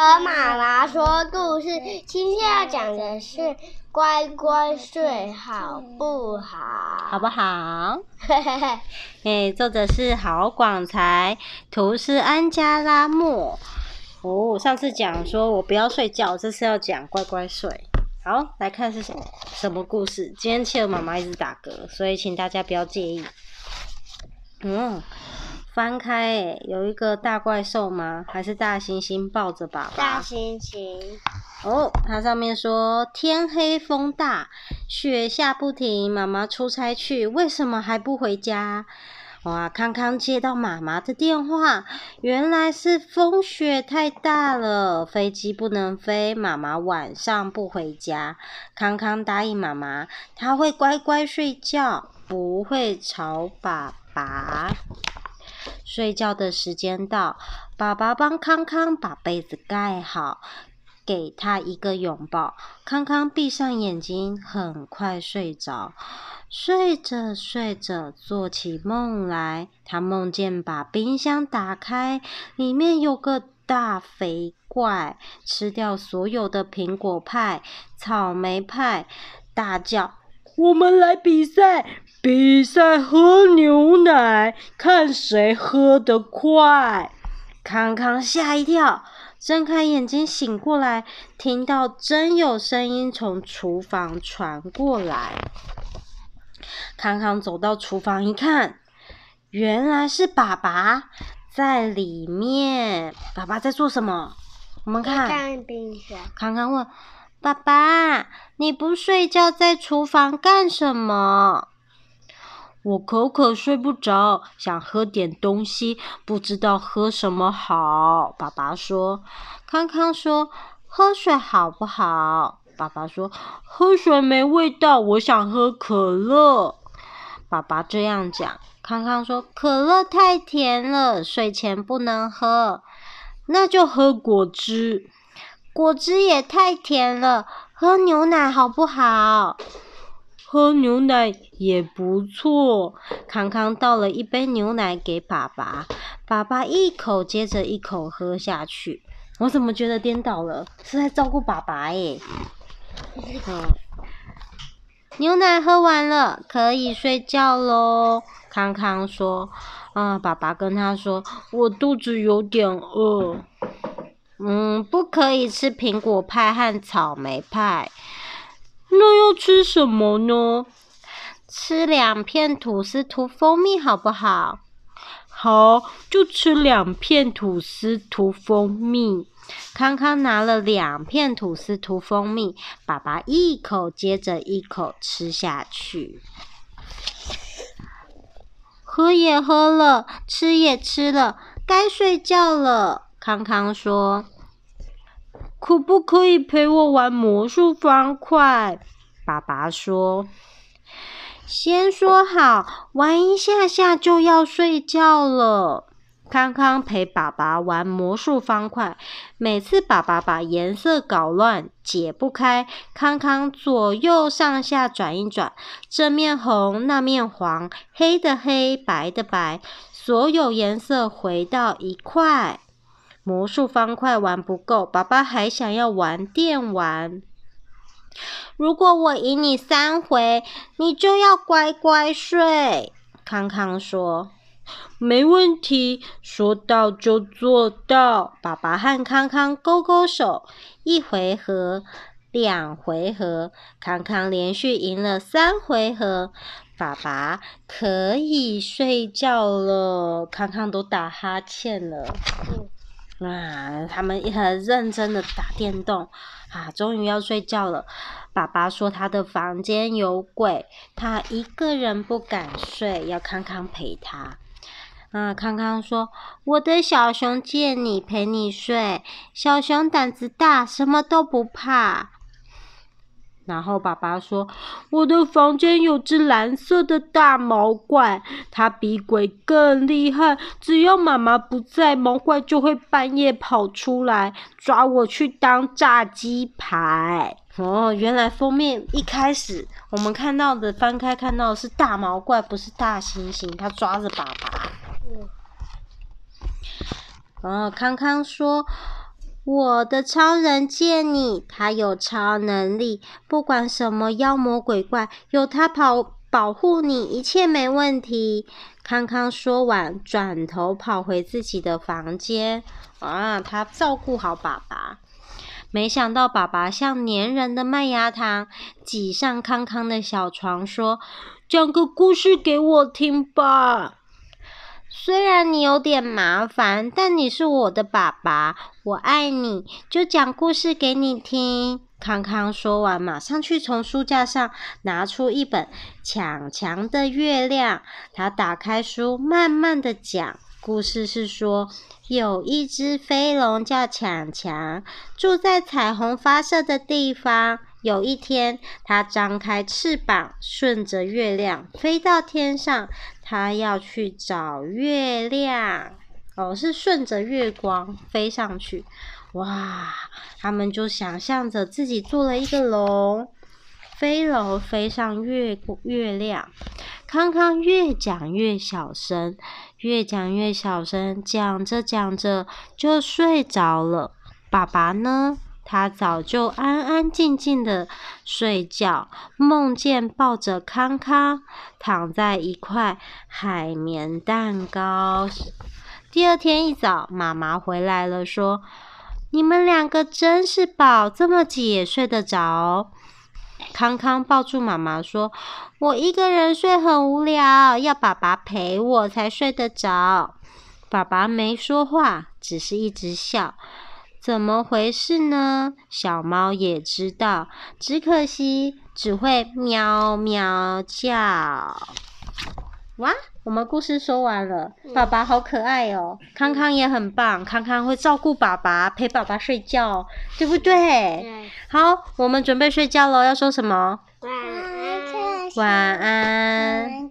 和媽媽說故事，今天要講的是乖乖睡，好不好？好不好？哎，， 作者是郝廣才，圖是安加拉莫。哦，上次講說我不要睡覺，這次要講乖乖睡。好，來看是什麼什麼故事？今天切的媽媽一直打嗝，所以請大家不要介意。嗯。翻開誒、欸，有一個大怪獸嗎？還是大猩猩抱着爸爸？大猩猩。哦，它上面說：天黑風大，雪下不停，媽媽出差去，為什麼還不回家？哇！康康接到媽媽的電話，原來是風雪太大了，飛機不能飛，媽媽晚上不回家。康康答應媽媽，她會乖乖睡覺，不會吵爸爸。睡覺的時間到，爸爸幫康康把被子蓋好，給他一個擁抱。康康閉上眼睛，很快睡着。睡着睡着，做起夢來。他夢見把冰箱打開，裡面有個大肥怪，吃掉所有的蘋果派、草莓派，大叫：“我們來比賽！”比賽喝牛奶，看誰喝得快。康康嚇一跳，睜開眼睛醒過來，聽到真有聲音從廚房傳過來。康康走到廚房一看，原來是爸爸在裡面。爸爸在做什麼？我們看看。冰箱。康康問：“爸爸，你不睡覺，在廚房幹什麼？”我口渴，睡不着，想喝點東西，不知道喝什麼好。爸爸說：“康康說喝水好不好？”爸爸說：“喝水沒味道，我想喝可樂。”爸爸這樣講，康康說：“可樂太甜了，睡前不能喝，那就喝果汁。果汁也太甜了，喝牛奶好不好？”喝牛奶也不錯。康康倒了一杯牛奶給爸爸，爸爸一口接着一口喝下去。我怎麼覺得顛倒了？是在照顧爸爸耶！嗯，牛奶喝完了，可以睡覺嘍。康康說：“啊、嗯，爸爸跟他說，我肚子有點餓。嗯，不可以吃蘋果派和草莓派。”那要吃什麼呢？吃兩片吐司塗蜂蜜好不好？好，就吃兩片吐司塗蜂蜜。康康拿了兩片吐司塗蜂蜜，爸爸一口接着一口吃下去。喝也喝了，吃也吃了，該睡覺了。康康說。可不可以陪我玩魔術方塊？爸爸說：“先說好，玩一下下就要睡覺了。”康康陪爸爸玩魔術方塊，每次爸爸把顏色搞亂，解不開，康康左右上下轉一轉，這面紅，那面黃，黑的黑白的白，所有顏色回到一塊。魔術方塊玩不夠，爸爸還想要玩電玩。如果我贏你三回，你就要乖乖睡。康康說：“沒問題，說到就做到。”爸爸和康康勾勾手，一回合，兩回合，康康連續贏了三回合，爸爸可以睡覺了。康康都打哈欠了。啊、嗯，他們很認真的打電動，啊，終於要睡覺了。爸爸說他的房間有鬼，他一個人不敢睡，要康康陪他。啊、嗯，康康說，我的小熊借你陪你睡，小熊膽子大，什麼都不怕。然後爸爸說：“我的房間有隻藍色的大毛怪，它比鬼更厲害。只要媽媽不在，毛怪就會半夜跑出來抓我去當炸雞排。”哦，原來封面一開始我們看到的翻開看到的是大毛怪，不是大猩猩，它抓着爸爸。嗯。然後康康說。我的超人借你，他有超能力，不管什麼妖魔鬼怪，有他保保護你，一切沒問題。康康說完，轉頭跑回自己的房間。啊，他照顧好爸爸。沒想到爸爸像粘人的麥芽糖，擠上康康的小床，說：“講個故事給我聽吧。”雖然你有點麻煩，但你是我的爸爸，我愛你。就講故事給你聽。康康說完，馬上去從書架上拿出一本《強強的月亮》。他打開書，慢慢地講。故事是說，有一隻飛龍叫強強，住在彩虹發射的地方。有一天，他張開翅膀，順着月亮飛到天上。他要去找月亮，哦，是順着月光飛上去。哇，他們就想象着自己坐了一個龍，飛龍飛上月月亮。康康越講越小聲，越講越小聲，講着講着就睡着了。爸爸呢？他早就安安靜靜的睡覺，夢見抱着康康，躺在一塊海綿蛋糕。第二天一早，媽媽回來了，說：“你們兩個真是寶，這麼擠也睡得着哦。”康康抱住媽媽說：“我一個人睡很無聊，要爸爸陪我才睡得着。”爸爸沒說話，只是一直笑。怎麼回事呢？小貓也知道，只可惜只會喵喵叫。哇，What? 我們故事說完了，嗯，爸爸好可愛哦，喔！嗯，康康也很棒，康康會照顧爸爸，陪爸爸睡覺，對不對？嗯，好，我們準備睡覺了，要說什麼？晚安。晚安。晚安。